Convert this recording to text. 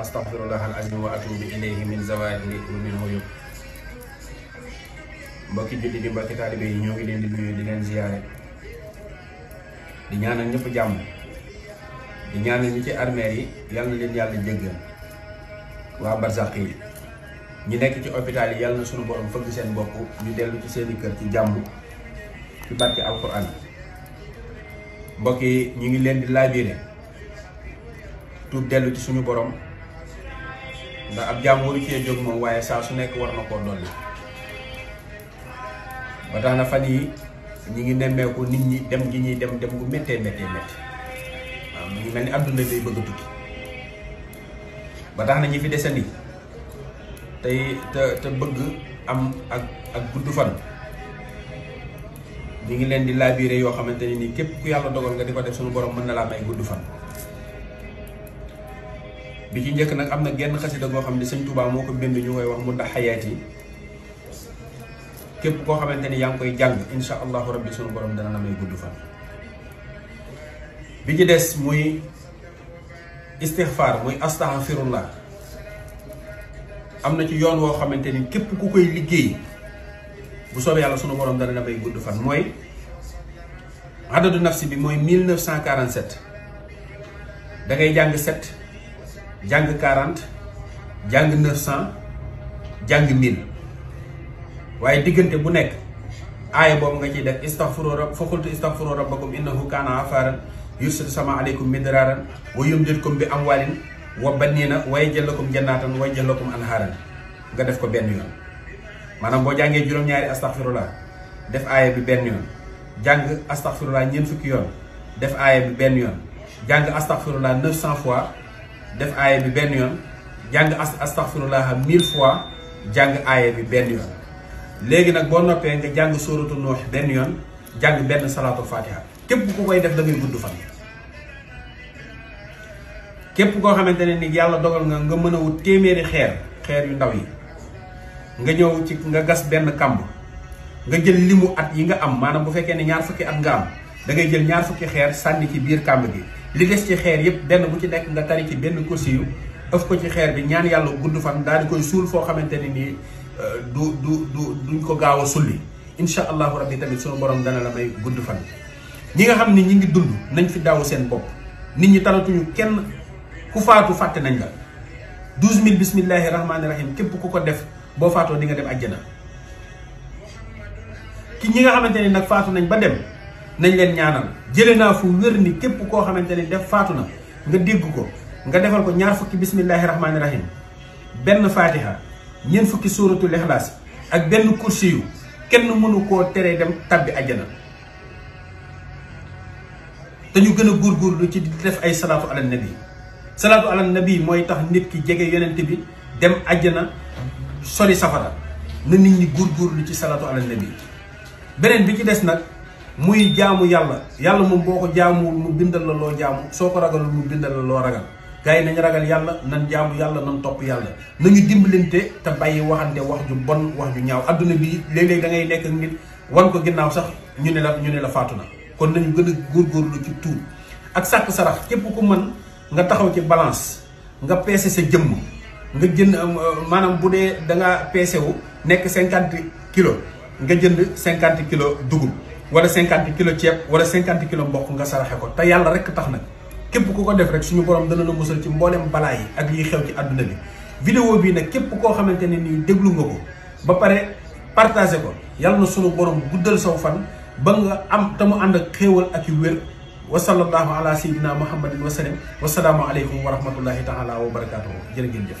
astaghfirullah al azim wa atubu ilayhi min zawahiri wa min uyub mbokki julli di mbokki taalibe yi ñoo ngi leen di nuyu di leen ziyaare di ñaanal ñëpp jàmm di ñaanal ñi ci armée yi yàlla leen yàlla jéggal waa barzaq yi ñi nekk ci hôpital yi yàlla na sunu borom fëgg seen bopp ñu dellu ci seeni kër ci jàmm ci barke alquran mbokk yi ñu ngi leen di laabire tuub dellu ci suñu borom ndax ab jaam waru cee jóg moom waaye saa su nekk war na koo dolli ba tax na fan yi ñi ngi nemmeeku nit ñi dem gi ñuy dem dem gu méttee méttee métti waaw mu ngi mel ni adduna day bëgg a tukki ba tax na ñi fi desandi tey te te bëgg am ak ak gudd fan ñi ngi leen di laabiré yoo xamante ne nii képp ku yàlla dogal nga di ko def suñu borom mën na laa may gudd fan bi ci njëkk nag am na genn xasida boo xam ne sëñ Touba moo ko bind ñu koy wax mu tax xayaat yi képp koo xamante ni yaa ngi koy jàng insha allahu rabbi sunu borom dana la may gudd fan bi ci des muy istixfaar muy astaxfirullah am na ci yoon woo xamante ni képp ku koy liggéey bu soobee yàlla sunu borom dana la may gudd fan mooy adadu nafsi bi mooy 1947 da ngay jàng set jàng 40 jàng 900 jàng 1000 waaye diggante bu nekk aaya boobu nga ciy def istaghfiru rabb fa qultu istaghfiru rabbakum innahu kaana ghaffaran yursilu sama aleykum midraaran wa yumdidkum bi amwaalin wa baniina wa yaj'al lakum jannaatan wa yaj'al lakum anhaaran nga def ko benn yoon maanaam boo jàngee juróom-ñaari astaghfirullah def aaya bi benn yoon jàng astaghfirullah ñeent fukki yoon def aaya bi benn yoon jàng astaghfirullah 900 fois def aaya bi benn yoon jàng astaghfirullah mille fois jàng aaya bi benn yoon léegi nag boo noppee nga jàng sóoratu noox benn yoon jàng benn salaatul fatiha képp ku koy def da ngay gudd fan képp koo xamante ne ni yàlla dogal nga nga mën a wut téeméeri xeer xeer yu ndaw yi nga ñëw ci nga gas benn kàmb nga jël limu at yi nga am maanaam bu fekkee ne ñaar fukki at nga am da ngay jël ñaar fukki xeer sànni ci biir kàmb bi li des ci xeer yëpp benn bu ci nekk nga tari ci benn kursiyu ëf ko ci xeer bi ñaan yàlla gudd fan daal di koy suul foo xamante ne nii euh, du du du duñ ko gaaw a sulli incha allahu rabbi tamit sunu borom dana la may gudd fan. ñi nga xam ne ñi ngi dund nañ fi daaw seen bopp nit ñi talatuñu kenn ku faatu fàtte nañ la 12000 bismillahi rahmaani rahim képp ku ko def boo faatoo di nga dem àjjana ki ñi nga xamante ne nag faatu nañ ba dem. nañ leen ñaanal jële naa fu wér ni képp koo xamante ni def faatu na nga dégg ko nga defal ko ñaar fukki bismillahi rahmaani rahim benn faatiha ñeent fukki suuratul ixlaas ak benn kursi kenn mënu koo teree dem tabbi àjjana te ñu gën a lu ci di def ay salaatu ala nabi salaatu ala nabi mooy tax nit ki jege yonent bi dem àjjana sori safara na nit ñi góorgóorlu ci salaatu ala nabi beneen bi ci des nag. muy jaamu yàlla yàlla moom boo ko jaamuwul mu bindal la loo jaamu soo ko ragalul mu bindal la loo ragal gars yi nañ ragal yàlla nan jaamu yàlla nan topp yàlla ñu dimbalante te bàyyi waxante wax ju bon wax ju ñaaw adduna bi léeg-léeg da ngay nekk ak nit wan ko ginnaaw sax ñu ne la ñu ne la faatu na kon nañu gën a góorgóorlu ci tuub ak sàkk sarax képp ko mën nga taxaw ci balance nga peese sa jëmm nga jënd euh, maanaam bu dee da nga wu nekk cinquante kilo nga jënd cinquante kilo dugub wala cinquante kilo ceeb wala cinquante kilo mboq nga saraxe ko te yàlla rek tax nag képp ku ko def rek suñu borom dana la musal ci mboolem balaa yi ak liy xew ci àdduna bi. vidéo bii nag képp koo xamante ne nii déglu nga ko ba pare partagé ko yàlla na sunu borom guddal soo fan ba nga am te mu ànd ak xéewal ak yu wér wa sallallahu ala sayyidina muhammadin wa sallam wa salaamu aleykum wa rahmatullahi taala wa barakaatuhu jërë ngeen jëf.